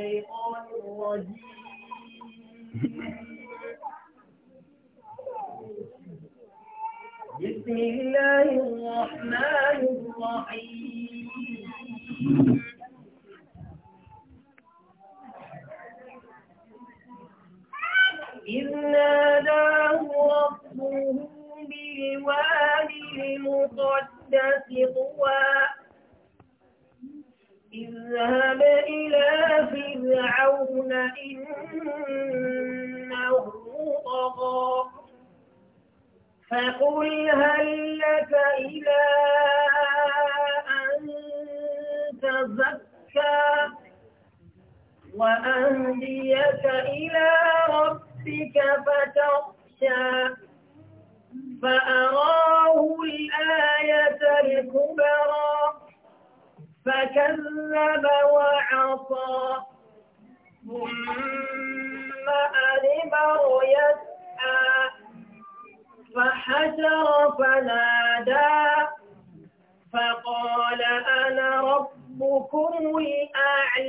الشيطان الرجيم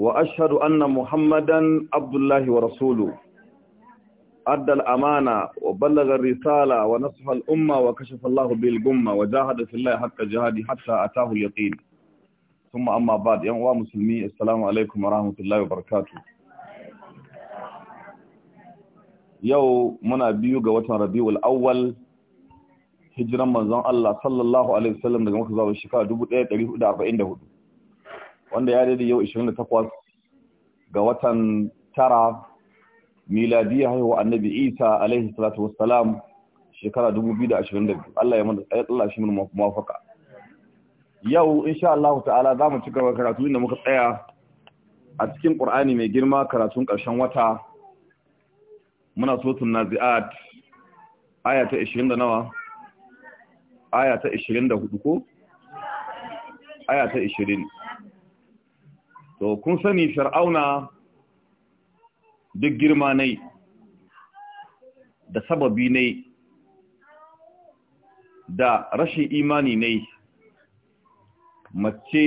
وأشهد أن محمدا عبد الله ورسوله أدى الأمانة وبلغ الرسالة ونصح الأمة وكشف الله بالقمة وجاهد في الله حق جهاده حتى أتاه اليقين ثم أما بعد يا مسلمي السلام عليكم ورحمة الله وبركاته yau muna biyu ga watan rabi'ul awwal hijiran manzon Allah sallallahu alaihi wasallam daga Makka zuwa shekara 1444 wanda ya daidai yau 28 ga watan tara miladiyya haihuwa annabi isa alaihi salatu wassalam shekara 2022 Allah ya mana ya tsalla shi mun mafaka yau insha Allah ta'ala zamu ci gaba karatu inda muka tsaya a cikin Qur'ani mai girma karatun ƙarshen wata muna suratul nazi'at aya ta 20 nawa aya ta 24 ko aya ta 20 to kun sani fir'auna duk girma ne da sababi ne da rashin imani ne mace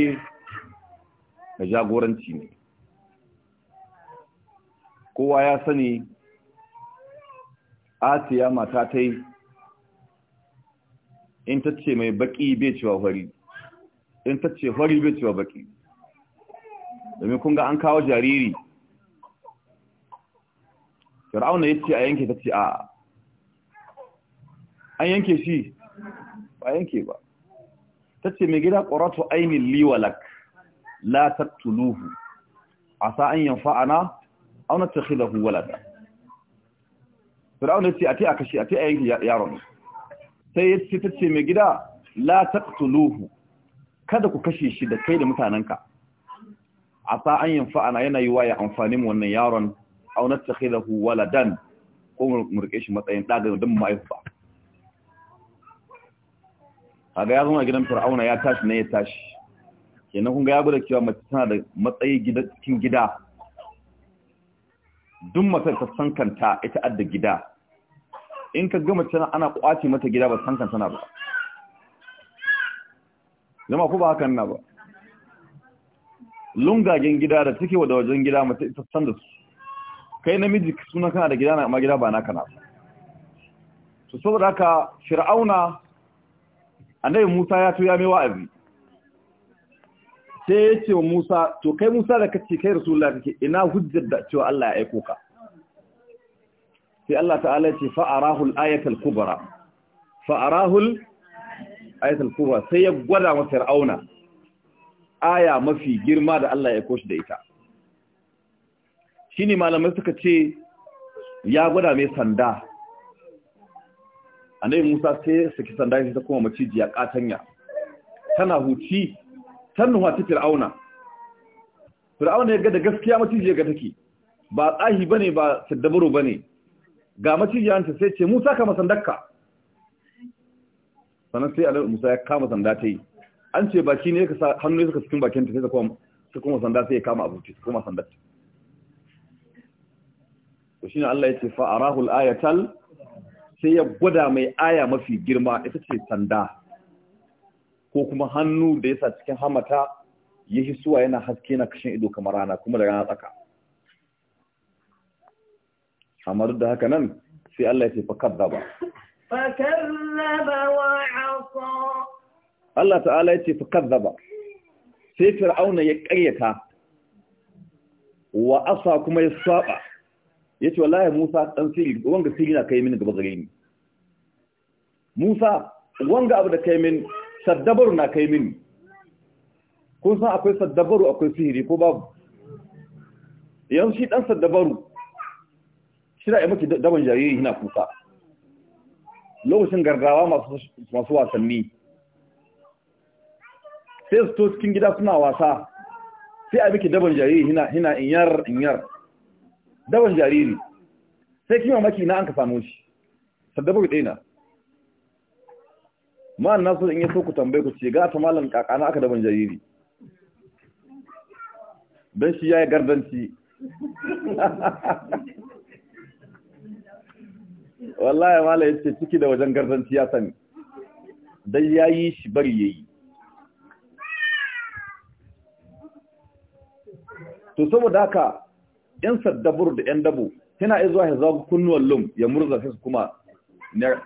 da jagoranci ne kowa ya sani asiya mata ta yi in ta ce mai baki bai cewa hori in ta ce hori bai cewa baki domin kun ga an kawo jariri fir'auna ya ce a yanke ta ce a an yanke shi ba yanke ba ta ce mai gida ƙoratu ainihin liwalak la tuluhu. a sa an yanfa ana auna ta da huwalata. fir'auna ya ce a te a kashe a te a yanke yaron sai ya ce ta ce mai gida la tuluhu. kada ku kashe shi da kai da mutanenka asa an yanfa'ana yana yi wa ya amfani mu wannan yaron aw natakhidahu waladan ko mu rike shi matsayin daga dan ba. kaga ya zama gidan fir'auna ya tashi ne ya tashi kenan kun ga ya gura cewa mace tana da matsayi gida cikin gida duk mace ta san kanta ita adda gida in ka ga mace ana kwace mata gida ba san kanta na ba zama ku ba hakan na ba lungagen gida da take wa da wajen gida mace ita san da su kai namiji sunan kana da gida na amma gida ba naka na to saboda haka fir'auna annabi Musa ya tuya mai wa'azi sai ya ce wa Musa to kai Musa da kace kai rasulullah kake ina hujjar da cewa Allah ya aiko ka sai Allah ta'ala ya ce fa'arahul ayatul kubra fa'arahul ayatul kubra sai ya gwada wa fir'auna aya mafi girma da Allah ya koshi da ita shine malamai suka ce ya gwada mai sanda annabi Musa sai saki sanda shi ta kuma ya katanya tana huci tannuwa ta fir'auna fir'auna ya ga da gaskiya ya ga take ba tsahi bane ba saddabaro bane ga macijiyanta sai ce Musa kama sandarka sannan sai annabi Musa ya kama sanda ta yi an ce baki ne ka sa hannu ne suka cikin bakin ta sai ta kuma sanda sai ya kama abinci su kuma sanda to shine Allah ya ce fa arahul ayatal sai ya gwada mai aya mafi girma ita ce sanda ko kuma hannu da ya sa cikin hamata ya suwa yana haske na kashin ido kamar rana kuma da rana tsaka amma duk da haka nan sai Allah ya ce fa ba. fa kazzaba wa asa Allah ta'ala ya ce fa kazzaba sai fir'auna ya ƙaryata wa asa kuma ya saba ce wallahi Musa dan siri wanga siri na kai mini gaba gare ni Musa wanga abu da kai mini saddabaru na kai mini kun san akwai saddabaru akwai sihiri ko babu yanzu shi dan saddabaru shi da maki daban jariri yana kuka lokacin gargawa masu masu wasanni sai su to cikin gida suna wasa sai a biki daban jariri hina hina inyar inyar daban jariri sai kima maki na an ka samu shi saddaba ku daina ma'an nasu in ya so ku tambaye ku ce ga ta malam kakana aka daban jariri don shi ya yi gardanci wallahi mala ya ce ciki da wajen gardanci ya sani don ya yi shi bari ya yi to saboda haka yan saddabur da yan dabu yana iya zuwa ya zagu kunnuwan lum ya murza su kuma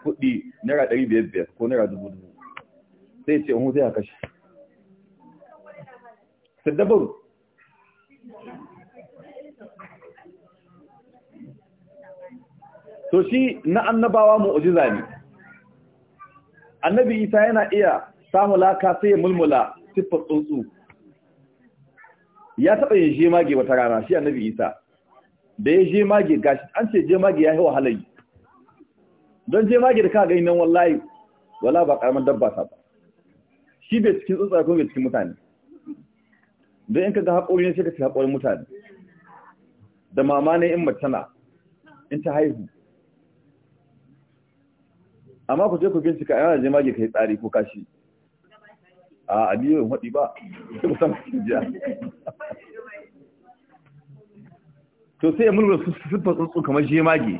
kuɗi naira ɗari biyar biyar ko naira dubu dubu sai ce hun sai ya kashe saddabur to shi na annabawa mu'ujiza ne annabi isa yana iya samu laka sai ya mulmula siffar tsuntsu ya taɓa yin jemage wata rana shi annabi isa da ya jemage gashi an ce jemage ya yi wahalayi don jemage da ka gani nan wallahi wala ba karamar dabba ta ba shi bai cikin tsuntsaye ko bai cikin mutane don in ka ga haƙori ne sai ka ci haƙorin mutane da mama ne in na in ta haihu amma ku je ku bincika yana jemage mage yi tsari ko kashi a abiyoyin haɗi ba sai ku san jiya to sai ya mulmula su siffar tsuntsu kamar jemage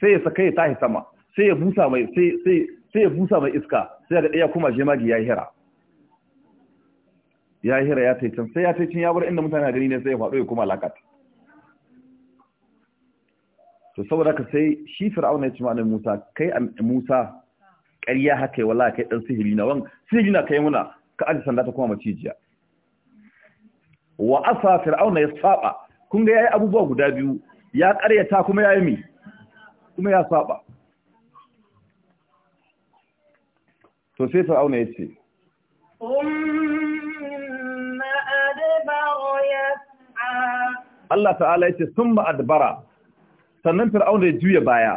sai ya saka ya tahi sama sai ya busa mai sai sai sai ya busa mai iska sai da iya kuma jemage ya hira ya hira ya taicin sai ya taicin ya bar inda mutane gani ne sai ya faɗo ya kuma lakat to saboda ka sai shi fir'auna ya ce ma'anar musa kai musa ƙarya haka yi wala kai ɗan sihiri na wan sihiri na kai muna ka aji sanda ta kuma macijiya wa asa fir'auna ya saba kun ga yayi abubuwa guda biyu ya karyata kuma yayi mi kuma ya saba to sai fir'auna yace Allah ta'ala yace summa adbara sannan fir'auna ya juya baya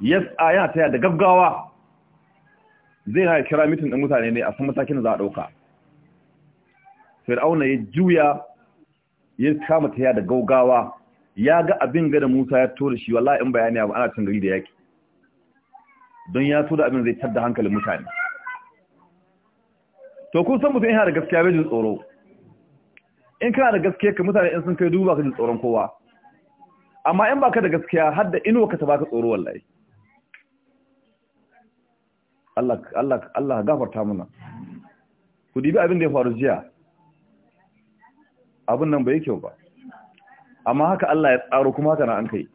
yes yana taya da gaggawa zai na kira mitin ɗin mutane ne a san matakin da za a ɗauka fir'auna ya juya ya kama ta da gaugawa ya ga abin ga da Musa ya tura shi wallahi in bayani ba ana cin gari da yaki don ya tura abin zai tada hankalin mutane to kun san mutum yana da gaskiya bai jin tsoro in kana da gaskiya ka mutane in sun kai duba ka jin tsoron kowa amma in baka da gaskiya har da inuwa ka tabaka baka tsoro wallahi Allah Allah Allah gafarta mana ku dibi abin da ya faru jiya abin nan bai kyau ba amma haka Allah ya tsaro kuma haka na an kai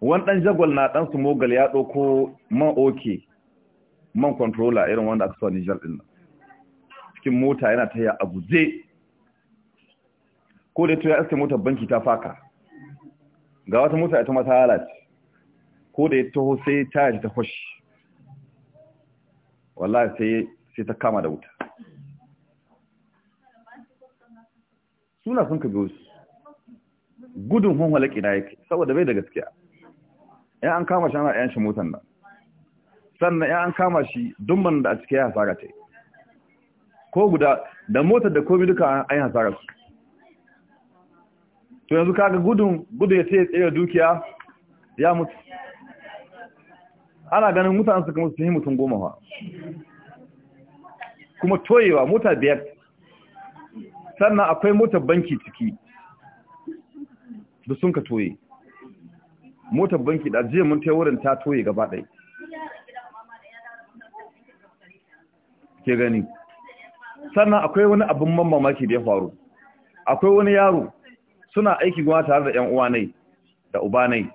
wani ɗan jagwal na dan su mogal ya ɗauko man oke man controller irin wanda aka so ni ɗin nan cikin mota yana ta ya abuje ko da to ya iske motar banki ta faka ga wata mota ita mata halace ko da ya taho sai ta ta kwashi wallahi sai ta kama da wuta suna sun ka biyo su. gudun hunwala kina yake saboda bai da gaskiya ya an kama shi ana yan shi motan nan sannan ya an kama shi dumban da a cikin ya hasara ta ko guda da motar da komai duka an yi hasara su to yanzu kaga gudun gudun ya tsaye tsaye dukiya ya mutu ana ganin mutane su kuma su yi mutum goma kuma toyewa mota biyar sannan akwai motar banki ciki da sun ka toye motar banki da jiya mun tai wurin ta toye gaba ɗai ke gani sannan akwai wani abin mamaki da ya faru akwai wani yaro suna aiki gwa tare da ƴan nai da ubanai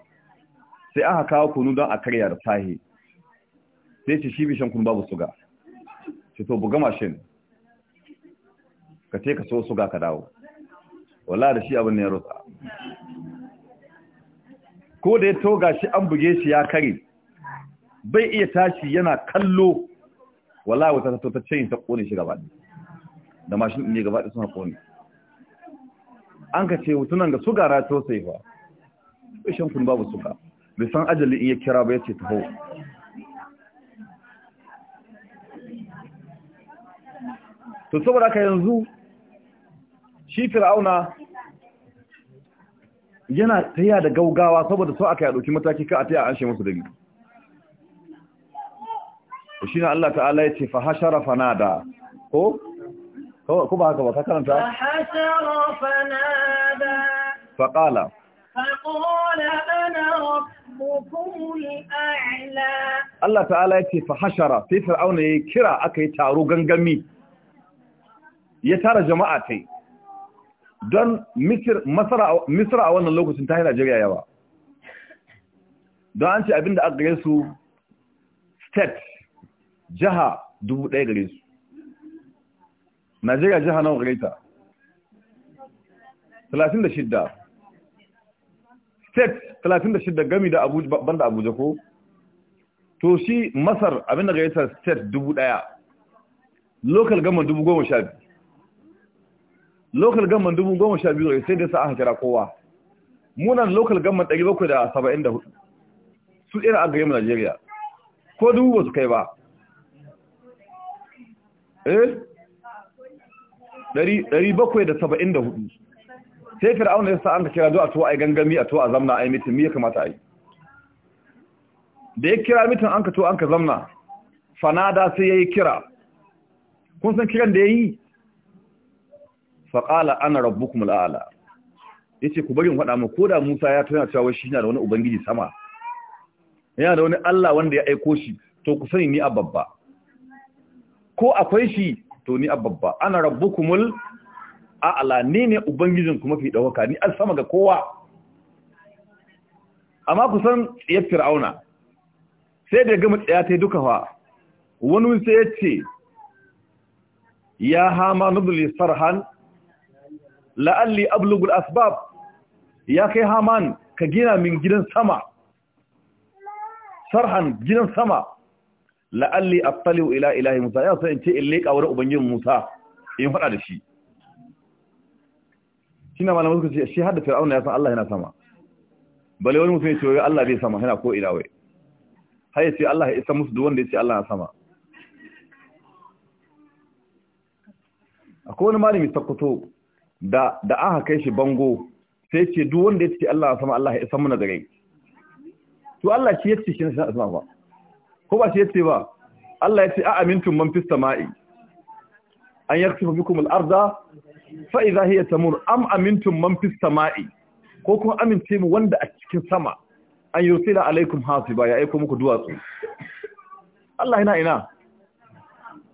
sai aka kawo kunu don a karya da sahi sai ce shi bishan kun babu suga sai to buga mashin ka ce ka so suga ka dawo walla da shi abin ne ya rutsa ko da ya toga shi an buge shi ya kare bai iya tashi yana kallo walla wata ta ta cin ta kone shi gaba da mashin ne gaba da suna kone an ka ce hutunan ga sugara to sai fa shan kun babu suka bai san ajali in ya kira ba ya ce taho to saboda haka yanzu shi fir'auna yana taya da gaugawa saboda so aka ya mataki ka a taya an shi musu dangi shi na Allah ta'ala ya ce fa hashara fanada ko ko ba haka ba ka karanta fa hashara fanada fa qala fa ana rabbukumul a'la Allah ta'ala ya ce fa hashara sai fir'auna ya kira aka yi taro gangami ya tara jama'a tai don misra a wannan lokacin ta yi najeriya yawa don an ce abinda aka gare su state jiha dubu ɗaya gare su najeriya jiha nawa gare ta 36 state 36 gami da banda abuja ko to shi masar abinda gare ta state dubu ɗaya local gama dubu goma sha biyu local government dubu goma sha biyu sai dai sa aka kira kowa munan local government ɗari bakwai da saba'in da hudu su irin a mu Najeriya ko dubu ba su kai ba eh ɗari bakwai da saba'in da hudu sai fira ya sa an ka kira zuwa tuwa a gangami a tuwa a zamna a yi mitin me ya kamata a yi da ya kira mitin an ka to an ka zamna fanada sai ya yi kira kun san kiran da ya yi faƙala ana rabbukum al'ala ya ce ku bari waɗa mu ko da musa ya tuna cewa shi yana da wani ubangiji sama yana da wani allah wanda ya aiko shi to ku sani ni a ko akwai shi to ni a babba ana rabbukum a'ala ni ne ubangijin kuma fi dawaka ni an sama ga kowa amma ku san tsiyar fir'auna sai da gama tsaya ta duka fa wani sai ya ce ya hama nuzuli sarhan la'alli ablugul asbab ya kai haman ka gina min gidan sama sarhan gidan sama la'alli attaliu ila ilahi musa ya san in ce in leka wurin Ubangin musa in faɗa da shi shine malamu suka ce shi hadda fir'auna ya san Allah yana sama bale wani musulmi ya ce wai Allah bai sama yana ko ila wai har ya ce Allah ya isa musu duk wanda ya ce Allah na sama akwai wani malami sakkwato da da aka kai shi bango sai ce duk wanda ya ce Allah sama Allah ya san na da to Allah shi yace shi san sama ba ko ba shi yace ba Allah yace a amintum man fis sama'i an yaksifu bikum al-arda fa idha hiya tamur am amintum man fis sama'i ko kuma amince mu wanda a cikin sama an yursila alaikum hasiba ya aika muku duwatsu Allah ina ina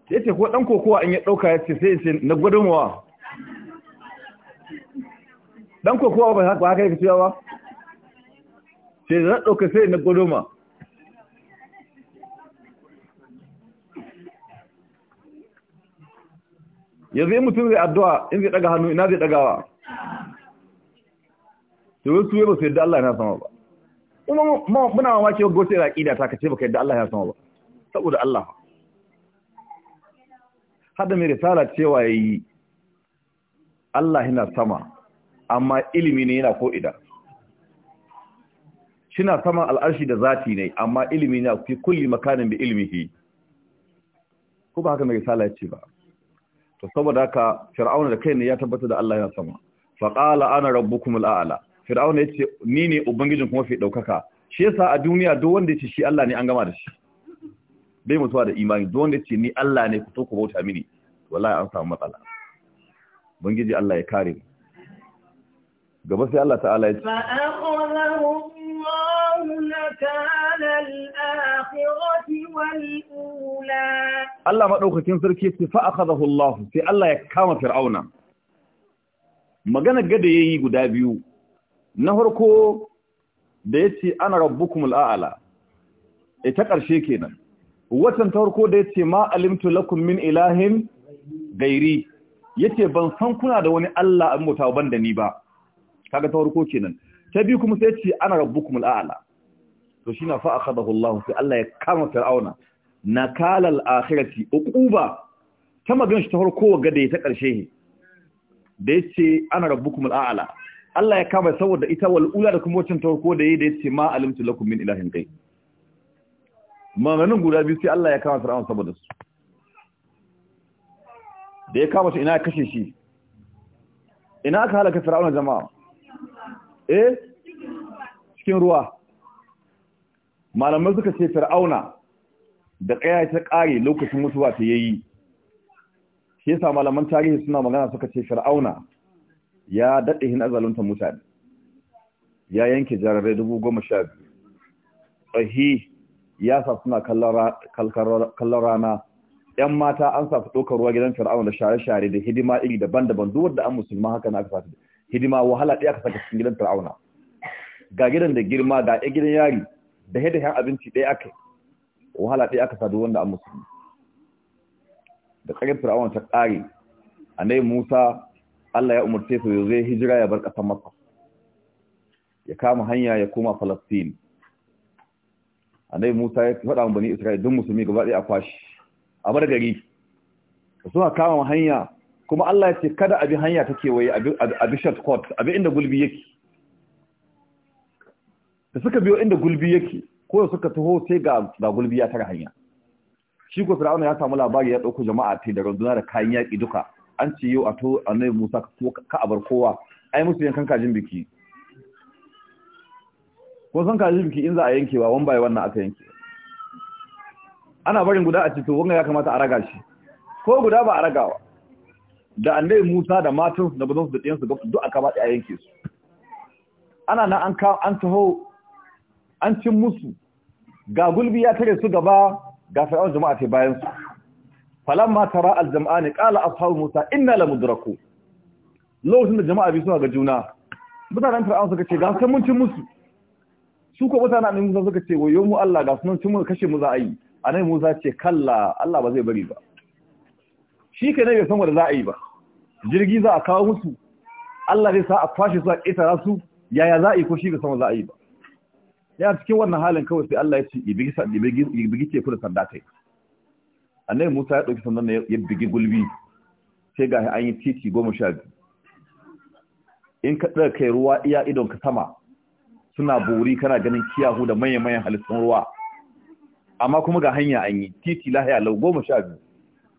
yace ko dan kokowa in ya dauka yace sai sai na wa? dan ko kowa ba ka yake cewa ba sai na ɗauka sai na guduma yanzu yin mutum zai addu'a in zai ɗaga hannu ina zai ɗagawa da wasu yi ba su yadda Allah ya sama ba kuma muna mamaki wa gosi da ƙida ta kace ka yadda Allah ya sama ba saboda Allah hada mai risala cewa ya yi Allah yana sama amma ilimi ne yana ko ida shina saman al'arshi da zati ne amma ilimi ne fi kulli makanin bi ilmihi ko ba haka mai risala ce ba to saboda haka fir'auna da kai ne ya tabbata da Allah yana sama fa qala ana rabbukum al'ala fir'auna yace ni ne ubangijin kuma fi daukaka shi yasa a duniya duk wanda yace shi Allah ne an gama da shi bai mutuwa da imani duk wanda yace ni Allah ne ku to ku bauta mini wallahi an samu matsala ubangiji Allah ya kare mu gaba sai Allah ta'ala ya ce Allah maɗaukakin sarki sai fa akhadahu Allah sai Allah ya kama Fir'auna magana gada yayi guda biyu na farko da yace ana rabbukumul aala e ta ƙarshe kenan watan ta farko da yace ma alimtu lakum min ilahin gairi yace ban san kuna da wani Allah an mutawa da ni ba kaga ta farko kenan ta biyu kuma sai ce ana rabbukumul a'la to shi na fa'akhadahu Allah sai Allah ya kama fir'auna nakalal akhirati uquba ta magana shi ta farko ga da ta karshe da yace ana rabbukumul a'la Allah ya kama saboda ita wal ula da kuma wacin ta farko da yayi da yace ma alimtu lakum min ilahin ghayr maganin guda biyu sai Allah ya kama fir'auna saboda su da ya kama shi ina kashe shi ina aka halaka fir'auna jama'a eh cikin ruwa malamai suka ce fir'auna da kaya ta ƙare lokacin mutuwa ta yayi shi yasa malaman tarihi suna magana suka ce fir'auna ya dade hin azalunta mutane ya yanke jarare dubu goma sha biyu ya sa suna kallon rana ‘yan mata an sa su ɗaukar ruwa gidan fir'auna da share-share da hidima iri daban-daban duk wadda an musulma haka na aka fata hidima wahala ɗaya aka saka cikin gidan fir'auna ga gidan da girma ga ɗaya gidan yari da hada yan abinci ɗaya aka wahala ɗaya aka sadu wanda an musulmi da ƙarin fir'auna ta a nai Musa Allah ya umarce su zai hijira ya bar ƙasar masa ya kama hanya ya koma A nai Musa ya faɗa wa bani Isra'il, duk musulmi gaba ɗaya a kwashi a bar gari suna kama hanya kuma Allah ya ce kada abi hanya take waye abi shortcut abi inda gulbi yake da suka biyo inda gulbi yake ko suka taho sai ga gulbi ya tara hanya shi ko Fir'auna ya samu labari ya dauko jama'a tai da runduna da kayan yaki duka an ce yau a to annabi Musa ka abar kowa ai musu yankan kajin biki ko san kajin biki in za a yankewa wan bai wannan aka yanke ana barin guda a ciki wanga ya kamata a raga shi ko guda ba a ragawa da annabi Musa da matan da bazan su da ɗiyansu su duk aka ba a yanke su ana nan an ka an taho an cin musu ga gulbi ya tare su gaba ga fir'aun jama'a ta bayan su ma tara al-jam'ani qala ashabu Musa inna la mudraku lokacin da jama'a bi suna ga juna mutanen fir'aun suka ce ga san mun cin musu su ko mutanen annabi Musa suka ce wayo mu Allah ga sunan cin mu kashe mu za a yi annabi Musa ce kalla Allah ba zai bari ba shi kai ne bai san wanda za a yi ba jirgi za a kawo musu Allah zai sa a kwashe su a ƙetara su yaya za a yi ko shi ka san za a yi ba ya cikin wannan halin kawai sai Allah ya ce bigi teku da sanda kai annabi Musa ya ɗauki sandan ya bigi gulbi sai ga an yi titi goma sha biyu in ka ɗaga kai ruwa iya idon ka sama suna bori kana ganin kiyahu da manya-manyan halittun ruwa amma kuma ga hanya an yi titi lahiya lau goma sha biyu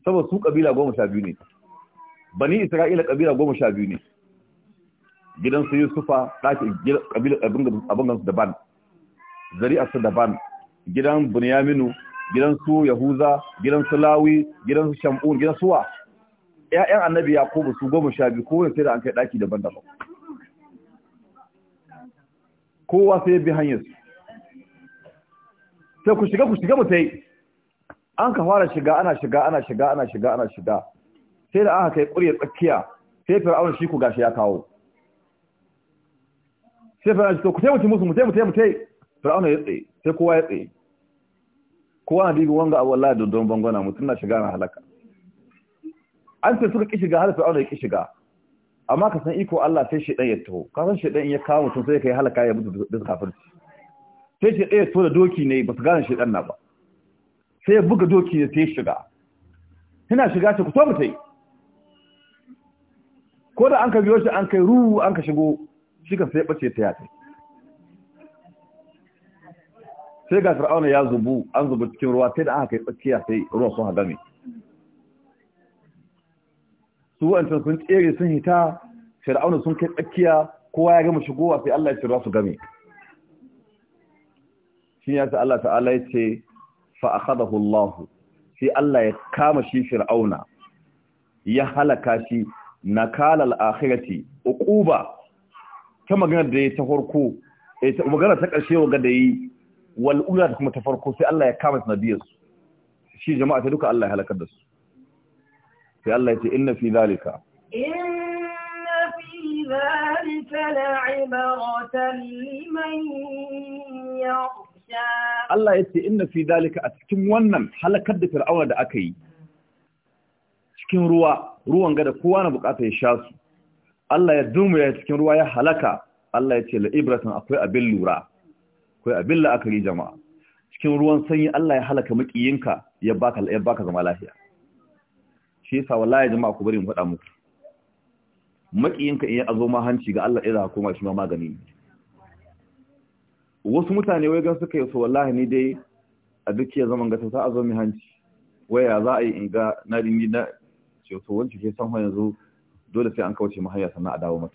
saboda su kabila goma sha biyu ne bani isra'ila kabila goma sha biyu ne gidan su yusufa ɗakin kabila abin daban zari'a su daban gidan bunyaminu gidan su yahuza gidan su lawi gidan su shamun gidan suwa ƴaƴan annabi yakubu su goma sha biyu kowane sai da an kai ɗaki daban-daban kowa sai bi hanyar su sai ku shiga ku shiga mu ta yi an ka fara shiga ana shiga ana shiga ana shiga ana shiga sai da aka kai ƙurya tsakiya sai fir'aun shi ku gashi ya kawo sai fir'aun shi to ku taimaki musu mu taimaki mu taimaki fir'aun ya tsaye sai kowa ya tsaye kowa na dibi wanga abu wallahi don bangona mutum na shiga na halaka an ce suka ki shiga har fir'aun ya ki shiga amma ka san iko Allah sai dan ya taho ka san in ya kawo mutum sai kai halaka ya mutu da kafirci sai dan ya taho da doki ne ba su gane shi dan na ba sai buga doki da sai shiga tana shiga ta kuto mutai ko da an ka biyo shi an kai ruhu an ka shigo shi kan sai bace ta yata sai ga fir'auna ya zubu an zubu cikin ruwa sai da aka kai tsakiya sai ruwa sun hagame su wancan sun tsere sun hita fir'auna sun kai tsakiya kowa ya gama shigowa sai Allah ya ce ruwa su game shi ya sa Allah ta'ala ya ce fa Allah sai Allah ya kama shi fir'auna ya halaka shi nakalal al-akhirati uquba ta magana da ya ta farko eh, magana ta ƙarshe da yi wal da kuma ta farko sai Allah ya kama sanadiyar su shi jama'a ta duka Allah ya halakar da su sai Allah ya ce inna fi zalika inna fi zalika la'ibratan Allah ya ce inna fi dalika a cikin wannan halakar da fir'auna da aka yi cikin ruwa ruwan gada kowa na bukata ya sha su Allah ya dumu ya cikin ruwa ya halaka Allah ya ce la ibratan akwai abin lura akwai abin la'akari jama'a cikin ruwan sanyi Allah ya halaka makiyinka ya baka ya baka zama lafiya shi yasa wallahi jama'a ku bari mu faɗa muku makiyinka in ya azo ma hanci ga Allah ya koma shi ma magani ne wasu mutane wai gan suka yi su wallahi ni dai a duk ya zaman gata ta azo mai hanci waya za a yi in ga na dindi na ce wancan ke san yanzu dole sai an kauce mu hanya sannan a dawo mata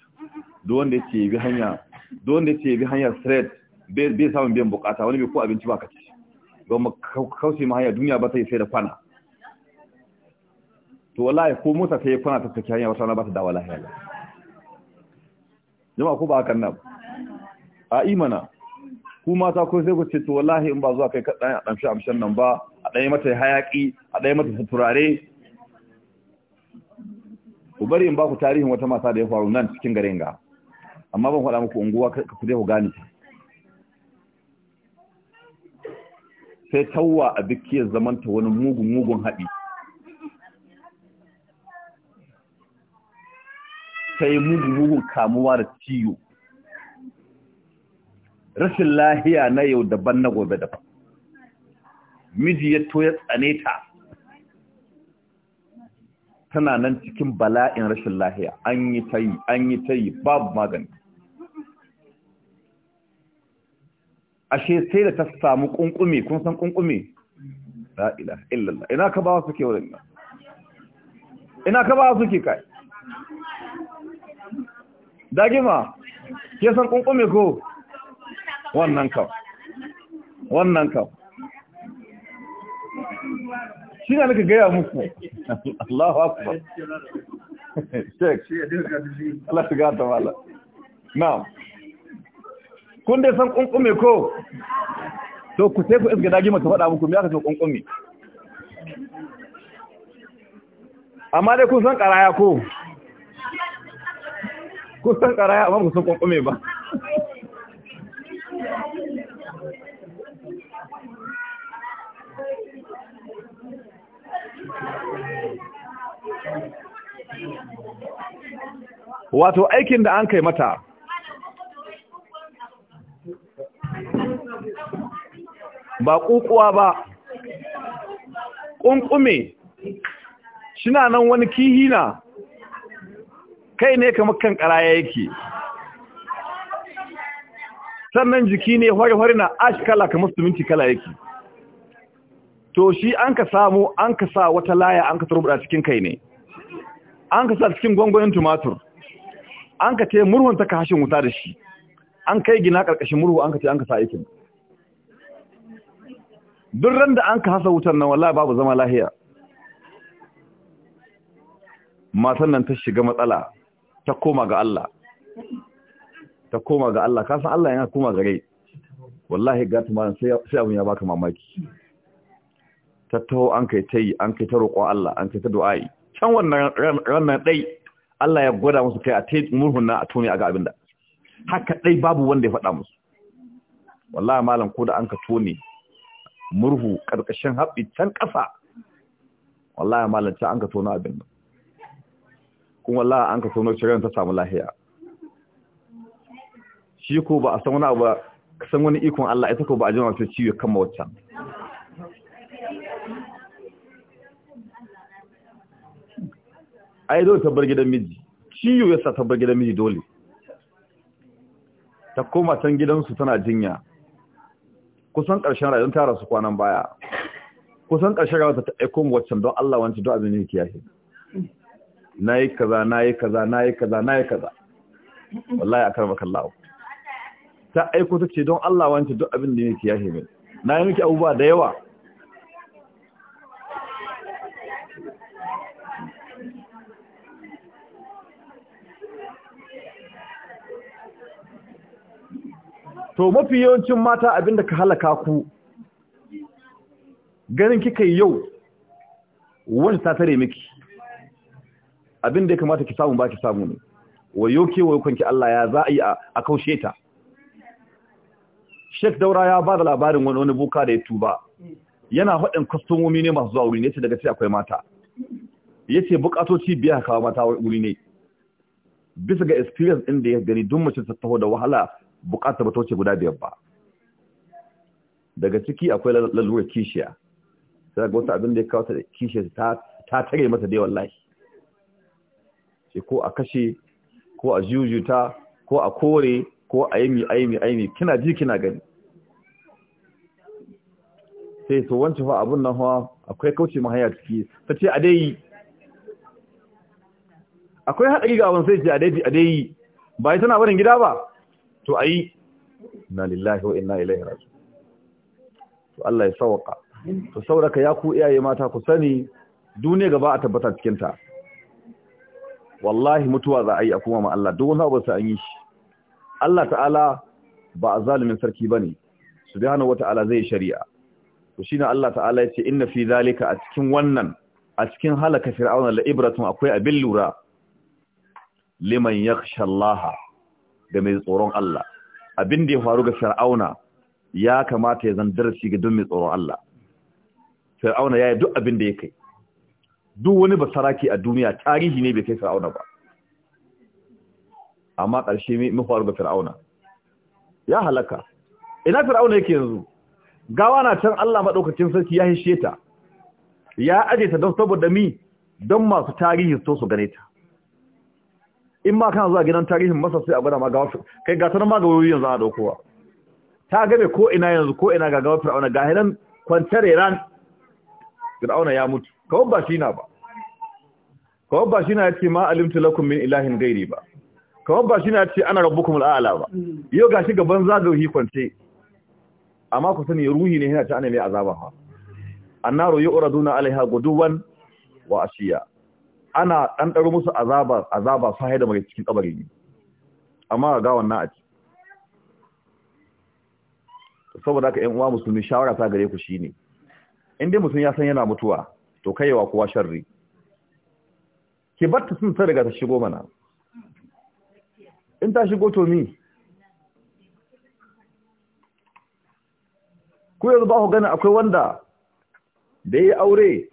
duk wanda yake bi hanya duk wanda yake bi hanya straight bai samun biyan bukata wani bai ko abinci ba ka ci don kawace mu hanya duniya ba ta yi sai da kwana to wallahi ko mota ta yi kwana ta take hanya wata na ba ta dawo lahiya jama'a ko ba hakan nan a imana ku mata ko sai ku ce to wallahi in ba zuwa kai ka dan amshi amshan nan ba a dai mata hayaki a dai mata turare ku bari in ba ku tarihin wata mata da ya faru nan cikin garin ga amma ban faɗa muku unguwa ku dai ku gane ta sai tawwa a bikiyar zamanta wani mugun mugun haɗi sai mugun mugun kamuwa da ciwo rashin lahiya na yau daban na gobe daban miji ya to ya tsane ta tana nan cikin bala'in rashin lahiya an yi ta yi an yi ta yi babu magani ashe sai da ta samu kunkume kun san kunkume la ilaha illallah ina ka ba suke wurin nan ina ka ba suke kai dagima ke san kunkume ko wannan kam wannan kam shi na naka gaya muku Allahu akbar shek Allah ta gata wala na'am kun dai san kunkume ko to ku sai ku isga dagi masu faɗa muku ya kasu ce kunkume amma dai kun san karaya ko kun san karaya amma ku san kunkume ba wato aikin da an kai mata ba kukuwa ba ƙunƙume na nan wani kihina kai ne kamar kan ƙaraya yake sannan jiki ne hwari-hwari na ash kala kamar suminti kala yake to shi an ka samu an ka sa wata laya an ka turbuda cikin kai ne an ka sa cikin gwangwanin tumatur an ka ce murhun ta ka wuta da shi an kai gina ƙarƙashin murhu an ka ce an ka sa aikin duk ran da an ka hasa wutar nan wallahi babu zama lahiya matan nan ta shiga matsala ta koma ga Allah ta koma ga Allah ka san Allah yana koma gare wallahi ga tuma malam sai abun ya baka mamaki tattaho an kai tayi an kai ta roƙo Allah an kai ta du'a'i can wannan ranar ɗai Allah ya gwada musu kai a te murhun na a tuni a ga abin da haka ɗai babu wanda ya faɗa musu wallahi malam ko da an ka tuni murhu ƙarƙashin haɓi can ƙasa wallahi malam ta an ka tuni abin da kuma wallahi an ka tuni shirin ta samu lahiya shi ko ba a san wani abu san wani ikon Allah ita ko ba a jima ta ciwo kan mawaccan yi dole tabbar gidan miji ciyo sa tabbar gidan miji dole ta koma can gidansu tana jinya kusan ƙarshen rayuwar ta rasu kwanan baya kusan ƙarshen rayuwar ta aiko mu waccan don Allah wancan don abin yake yake yi kaza na yi kaza na yi kaza na yi kaza wallahi akar maka Allah ta aiko ta ce don Allah wancan don abin da yake yake min yi miki abubuwa da yawa to mafi yawancin mata abinda ka halaka ku ganin kika yi yau wani ta tare miki abinda ya kamata ki samu ba ki samu ne wayo ke wayo kwanki Allah ya za a yi a kaushe ta Sheikh Daura ya ba da labarin wani wani buka da ya tuba yana haɗin kwastomomi ne masu zuwa wuri ne ce daga ce akwai mata ya ce bukatoci biya kawo mata wuri ne bisa ga experience ɗin da ya gani dun mace ta da wahala bukatar ba ta wuce guda biyar ba daga ciki akwai lalurar kishiya sai ga wasu abin da ya kawo ta kishiya ta tare mata da yawan lahi ce ko a kashe ko a jujuta ko a kore ko a aimi aimi aimi kina ji kina gani sai to wancan fa abun nan hawa akwai kauce mahaya ciki ta ce a dai akwai haɗari ga abin sai ce a dai yi. Ba yi tana barin gida ba to ayi na lillahi wa inna ilaihi to Allah ya sauka to sauraka ya ku iyaye mata ku sani duniya gaba a tabbata cikin ta wallahi mutuwa za a yi a kuma ma Allah duk wani abu sai an yi shi Allah ta'ala ba a zalimin sarki bane subhanahu wata'ala zai shari'a to shine Allah ta'ala yace inna fi zalika a cikin wannan a cikin halaka fir'auna la ibratun akwai abin lura liman yakhsha Allah da mai tsoron Allah abin da ya faru ga Fir'auna ya kamata ya zan darasi ga don mai tsoron Allah Fir'auna ya yi duk abin da ya kai duk wani basaraki a duniya tarihi ne bai kai Fir'auna ba amma ƙarshe mai faru ga Fir'auna ya halaka ina Fir'auna yake yanzu gawa na can Allah maɗaukacin sarki ya hishe ta ya aje ta don saboda mi don masu tarihi so su gane ta in ma kana zuwa gidan tarihin masa sai a gwada ma ga wasu kai ga sanar ma ga wuri yanzu a daukowa ta game ko ina yanzu ko ina ga gawar fir'auna ga hinan kwantar iran fir'auna ya mutu kawai ba shi na ba kawai ba shi na ya ce ma alimtu lakum min ilahin gairi ba kawai ba shi na ya ce ana rabbukum al'ala ba yau ga shi gaban zagayi kwance amma ku sani ruhi ne yana ta ana mai azaba ha annaru yu'raduna alaiha guduwan wa ashiya ana ɗanɗaro musu azaba azaba sun haida mai cikin kabari ne amma ga wannan a ci saboda ka ƴan musulmi shawara ta gare ku shine ne inda mutum ya san yana mutuwa to kaiwa shan sharri ki batta sun ta daga ta shigo mana in ta shigo to mi ku yanzu ba ku gani akwai wanda da ya aure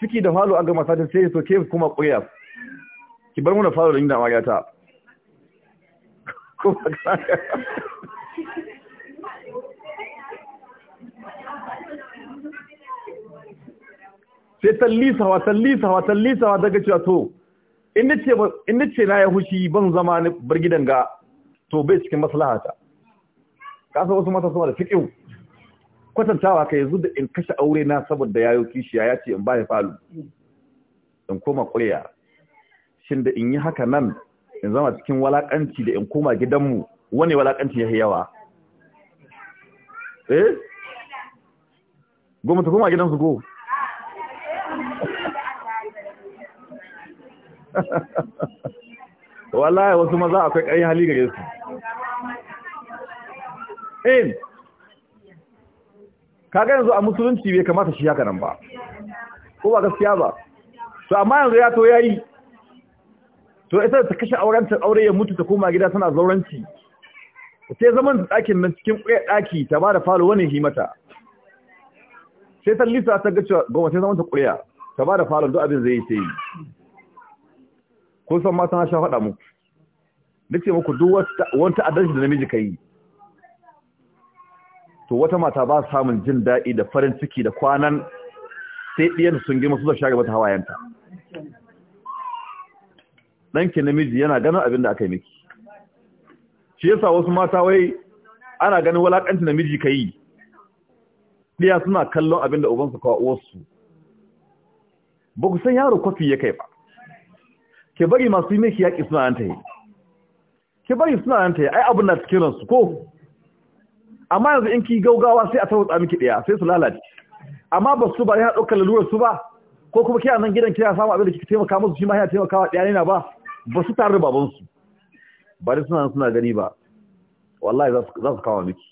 ciki da falo an gama satin sai so ke kuma ƙuriya ki bar muna falo da inda amarya ta kuma sai tallisawa tallisawa tallisawa daga cewa to inda ce na ya hushi ban zama bar gidan ga to bai cikin maslahata kasa wasu mata suna da fiƙiu kwatantawa ka yanzu da in kashe aure na saboda yayo kishiya ya ce in ba ya falu in koma ƙuriya shin da in yi haka nan in zama cikin walakanci da in koma gidanmu wani walakanci ya yawa eh goma ta koma gidansu go wallahi wasu maza akwai ƙari hali gare su eh kaga yanzu a musulunci bai kamata shi haka nan ba ko ba gaskiya ba to amma yanzu ya to yayi to ita ta kashe auren ta aure ya mutu ta koma gida tana zauranci sai zaman dakin nan cikin kuya daki, ta ba da falo wani himata sai ta lisa ta ga cewa goma sai zaman ta kuya ta ba da falo duk abin zai yi sai yi kun san ma na sha faɗa muku nace muku duk wani ta'addanci da namiji ka yi to wata mata ba samun jin daɗi da farin ciki da kwanan sai ɗiyar sun girma su da shaga mata hawayenta ɗanki namiji yana ganin abin da aka yi miki shi yasa wasu mata wai ana ganin walaƙanci namiji ka yi ɗiya suna kallon abin da ubansu kawo uwarsu ba ku san yaro kwafi ya kai ba ke bari masu yi miki yaƙi suna nan ta yi ke bari suna nan ta yi ai abin na cikin ransu ko amma yanzu in ki gaugawa sai a tarwatsa miki ɗaya sai su lalace amma ba su ba ya ɗaukar lalurar su ba ko kuma kina nan gidan kina samu abin da kika taimaka musu shi ma taimaka taimakawa ɗaya ne ba ba su tare da babansu ba dai suna suna gani ba wallahi za su kawo miki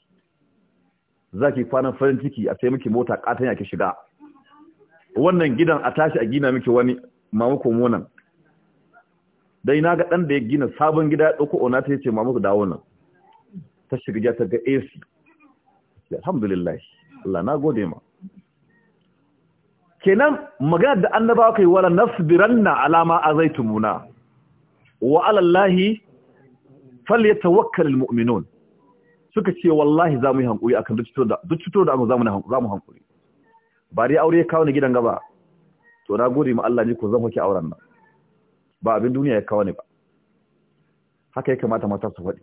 za ki kwanan farin ciki a sai miki mota katanya ki shiga wannan gidan a tashi a gina miki wani mamakon monan dai na ga ɗan da ya gina sabon gida ya ɗauko ona ta yace mamaku dawo nan ta shiga ta ga AC alhamdulillah Allah na gode ma kenan magana da annabawa kai wala nasbiranna alama azaitumuna wa ala llahi falyatawakkal almu'minun suka ce wallahi za mu yi hankuri akan dukito da dukito da zamu za mu hankuri ba aure kawo ni gidan gaba to na gode ma Allah ne ko zan hoke auren nan ba abin duniya ya kawo ni ba haka ya kamata mata su faɗi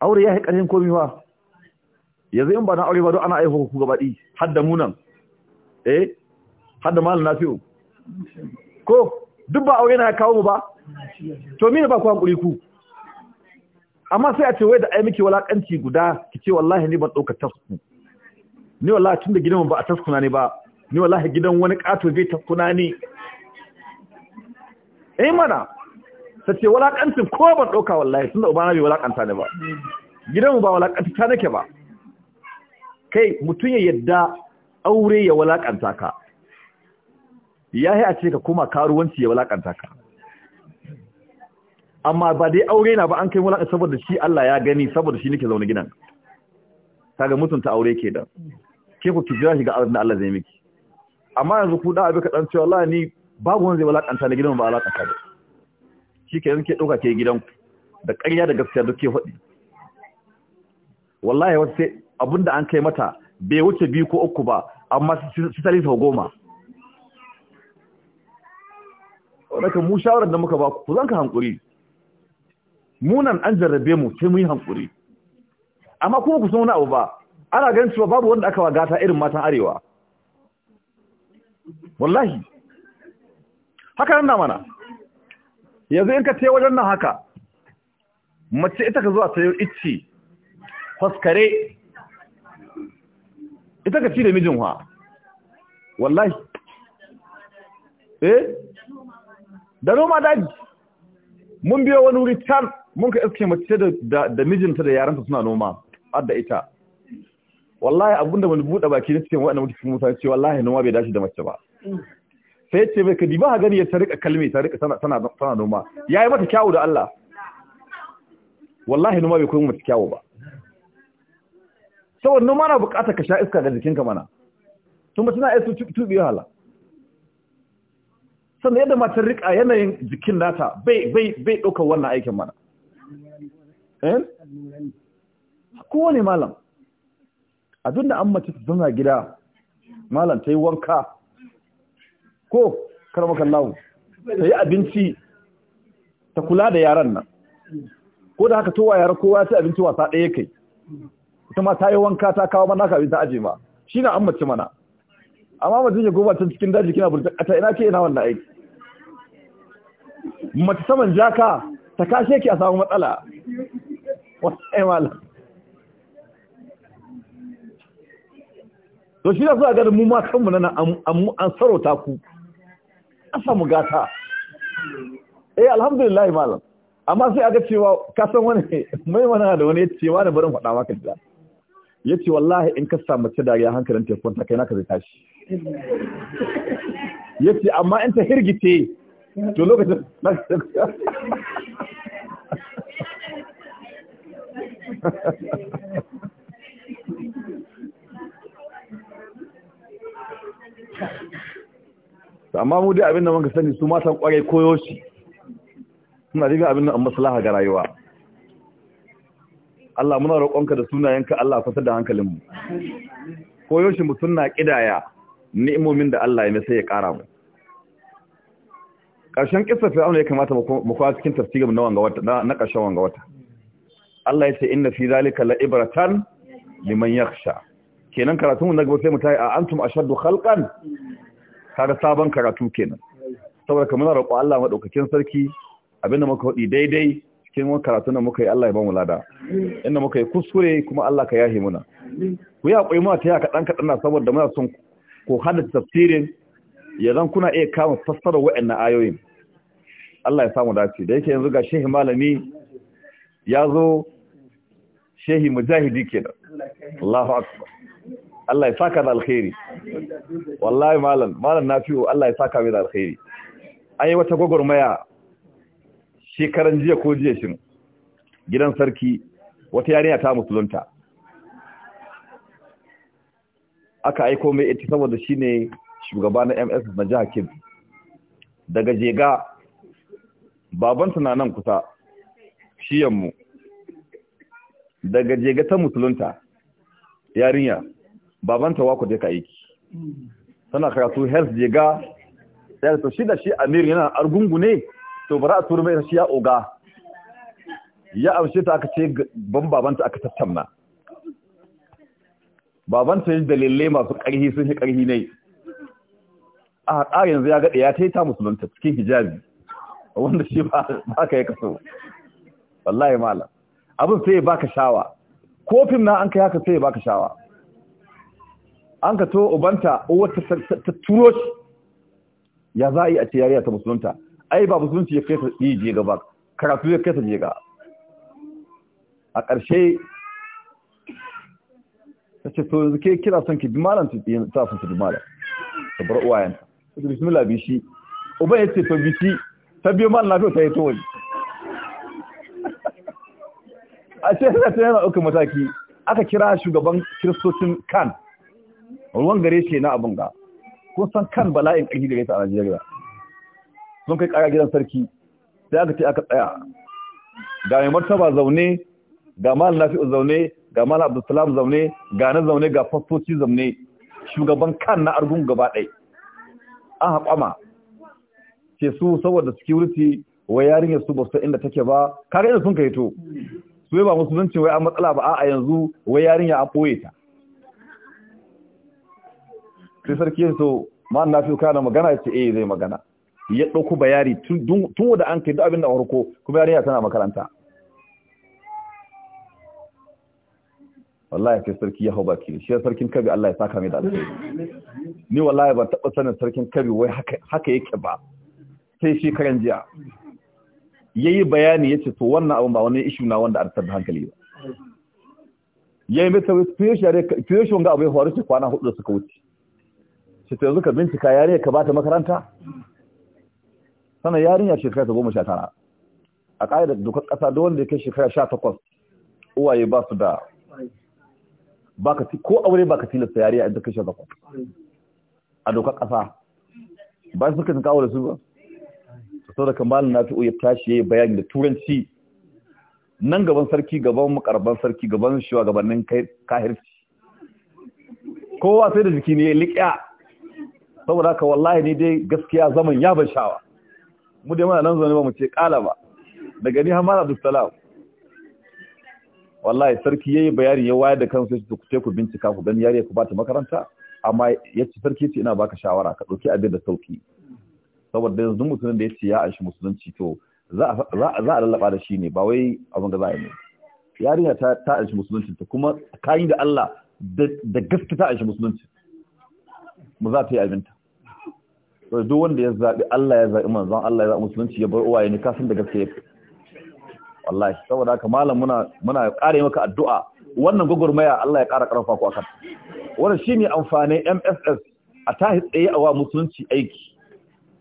aure ya yi ƙarfin komi ba yanzu in ba na aure ba don ana aihu ku gabaɗi har Hadda munan eh hadda da na fiye ko duk ba aure na ya kawo mu ba to mini ba ku hankuri ku amma sai a ce wai da ai miki walaƙanci guda ki ce wallahi ni ban ɗauka tasku ni wallahi tun da gidan ba a taskuna ne ba ni wallahi gidan wani ƙato zai taskuna ne eh mana ta ce walakancin ko ban ɗauka wallahi tun da ubana bai walakanta ne ba mu ba walakanta ta nake ba kai mutum ya yadda aure ya walakanta ka ya yi a ce ka kuma karuwanci ya walakanta ka amma ba dai aure na ba an kai walakanta saboda shi Allah ya gani saboda shi nake zaune gidan kaga mutunta aure ke da ke ku kijira shi ga arzin Allah zai miki amma yanzu ku da abin ka dan cewa wallahi ni babu wanda zai walakanta ni mu ba walaƙanta ba shi ke yanke ɗauka ke gidanku da ƙarya da gaskiya duk ke faɗi wallahi wasu sai abin da an kai mata bai wuce biyu ko uku ba amma su tsari sau goma wadaka mu shawarar da muka ba ku zanka hankuri munan an jarrabe mu sai muyi yi hankuri amma kuma ku san wani abu ba ana ganin cewa babu wanda aka wagata irin matan arewa wallahi haka nan na mana yanzu in ka ce wajen nan haka mace ita ka zuwa sayo icci faskare ita ka ci da mijin wa wallahi eh da noma daji mun biyo wani wuri can mun ka iske mace da da mijinta da yaranta suna noma adda ita wallahi abinda mun buɗe baki na cikin waɗanda mutane ce wallahi noma bai dace da mace ba sai ce mai kadi ba gani ya ta rika kalmi ta rika tana noma ya yi mata kyawu da Allah wallahi noma bai koyi mata kyawu ba saboda noma na bukatar ka sha iska ga jikinka mana tun ba tana isu tubi hala sannan yadda matar rika yanayin jikin nata bai bai ɗaukar wannan aikin mana eh? kowane malam abinda an mace ta zana gida malam ta yi wanka ko karmakan lawo ta yi abinci ta kula da yaran nan ko da haka towa yara kowa sai abinci wasa ɗaya kai ita ma ta yi wanka ta kawo mana ka abinci aji ma shi na an mace mana amma mutum ya goma cikin daji kina burta ta ina ke ina wannan aiki mace saman jaka ta kashe ki a samu matsala wasai malam to shi na so a ganin mu ma kanmu nan an sarauta ku an mu gata eh alhamdulillah malam amma sai aga cewa ka san wani mai mana da wani yace wa da barin fada maka da yace wallahi in ka samu ci da ya hankalin ta kwanta kai naka zai tashi yace amma in ta hirgite to lokacin amma mu dai abin da muka sani su matan kwarai koyo shi suna diga abin da maslaha ga rayuwa Allah muna roƙonka da sunayenka Allah fasar da hankalinmu koyo shi mu sunna kidaya ni'imomin da Allah ya mai sai ya ƙara mu ƙarshen kissa fir'auna ya kamata mu kwa cikin tafsirin na wanga wata na ƙarshen wanga wata Allah ya ce inna fi zalika la ibratan liman yakhsha kenan karatun mun na gaba sai mu tayi a antum ashaddu khalqan kaga sabon karatu kenan saboda kamar da roƙo Allah madaukakin sarki abinda muka hodi daidai cikin wannan karatu da muka yi Allah ya ba mu lada inda muka yi kuskure kuma Allah ka yahi, muna ku yi haƙuri muna taya kaɗan kaɗan na saboda muna son ko hada tafsirin ya zan kuna iya kama fassara wa'annan ayoyin Allah ya samu dace da yake yanzu ga Sheikh malami ya zo mujahidi kenan Allahu akbar Allah ya saka da alkhairi wallahi malam malam nafi'u Allah ya saka mai da alkhairi an yi wata gwagwarmaya shekaran jiya ko jiya shin gidan sarki wata yarinya ta musulunta aka aiko mai ita saboda shine shugaba na MS na jihar Kim daga jega baban na nan kusa mu daga jega ta musulunta yarinya babanta wako da ka aiki tana karatu health je ga ya to shi da shi amir yana argungu ne to bara a turu mai shi ya oga ya amshe ta aka ce ban babanta aka tattauna babanta yi dalilai masu karhi sun shi karhi ne a a yanzu ya gaɗe ya ta yi ta musulunta cikin hijabi wanda shi ba ka yi kaso wallahi mala abin sai ya baka shawa kofin na an kai haka sai ya baka shawa an ka to ubanta uwarta ta turo shi ya za a yi a ce yariya ta musulunta ai ba musulunci ya kai ta je gaba karatu ya kai ta je ga a ƙarshe ta ce to yanzu ke kira son ki bi malam ta sa son ki bi malam ta bar uwayenta ta bismillah bi shi uban ya ce to bi shi ta biyo malam lafiya ta yi to wani a ce ta yana ɗaukar mataki aka kira shugaban kiristocin kan ruwan gare shi na abin ga kun san kan bala'in ƙarfi da ta a Najeriya sun kai ƙara gidan sarki sai aka ce aka tsaya ga mai martaba zaune ga mal nafi'u zaune ga mal abdulsalam zaune ga na zaune ga fastoci zaune shugaban kan na argun gaba ɗai an haƙama ce su saboda security wai yarinyar su ba su inda take ba kaga inda sun kai to su ba musulunci wai an matsala ba a yanzu wai yarinya an ɓoye ta sai sarki ya so ma na fi kana magana ce eh zai magana ya dauko bayari tun wanda an kai duk abin da farko kuma ya tana makaranta wallahi sai sarki ya hau baki shi sarkin kabi Allah ya saka mai da alheri ni wallahi ban taba sanin sarkin kabi wai haka haka yake ba sai shi karan jiya yayi bayani yace to wannan abin ba wani issue na wanda an da hankali ba yayi mai tawis fiye shi ga abu ya faru shi kwana hudu suka wuce ce ta yanzu ka bincika yare ka ba ta makaranta Sana yarinya shekara ta goma sha tara a ƙa'idar dokar ƙasa da wanda ya kai shekara sha takwas uwaye ba su da ko aure ba ka tilasta a inda kai sha takwas a dokar ƙasa ba su kan kawo da su ba sau da kamalin na fi'o ya tashi ya yi bayani da turanci nan gaban sarki gaban makarban sarki gaban gabanin kahirci kowa sai da jiki ne ya liƙya saboda haka wallahi ne dai gaskiya zaman ya ban sha'awa mu dai mana nan zo ne ba mu ce kala ba daga ni Hamad Abdul Salam wallahi sarki yayi bayani ya wayar da kansa sai ku ce ku bincika ku gani yare ku ta makaranta amma yace sarki ce ina baka shawara ka dauki abin da sauki saboda yanzu musulun da ce ya anshi musulunci to za a lallaba da shi ne ba wai abin da za a yi yarinya ta ta anshi musulunci ta kuma kayan da Allah da gaske ta anshi musulunci mu za ta yi abinta duk wanda ya zaɓi, Allah ya zabi manzon Allah ya zaɓi musulunci ya bar uwaye ne kasan da gaske yake wallahi saboda haka malam muna muna kare maka addu'a wannan gugurmaya Allah ya ƙara karfa ku akan wannan shine amfani MSS a tahi tsaye a wa musulunci aiki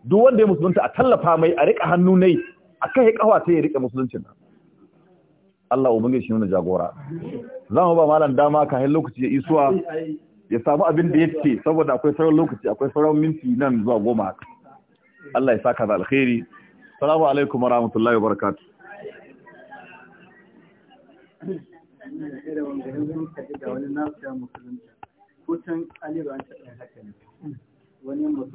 duk wanda ya musulunta a tallafa mai a rika hannu a akan ya kawa sai ya rike musuluncin nan Allah ubangiji shi ne jagora zamu ba malam dama kan lokaci ya isuwa ya samu abin da ya ce saboda akwai sauran lokaci akwai sauran minti nan zuwa goma haka Allah ya saka da alkhairi salamu alaikum wa rahmatullahi wa barakatu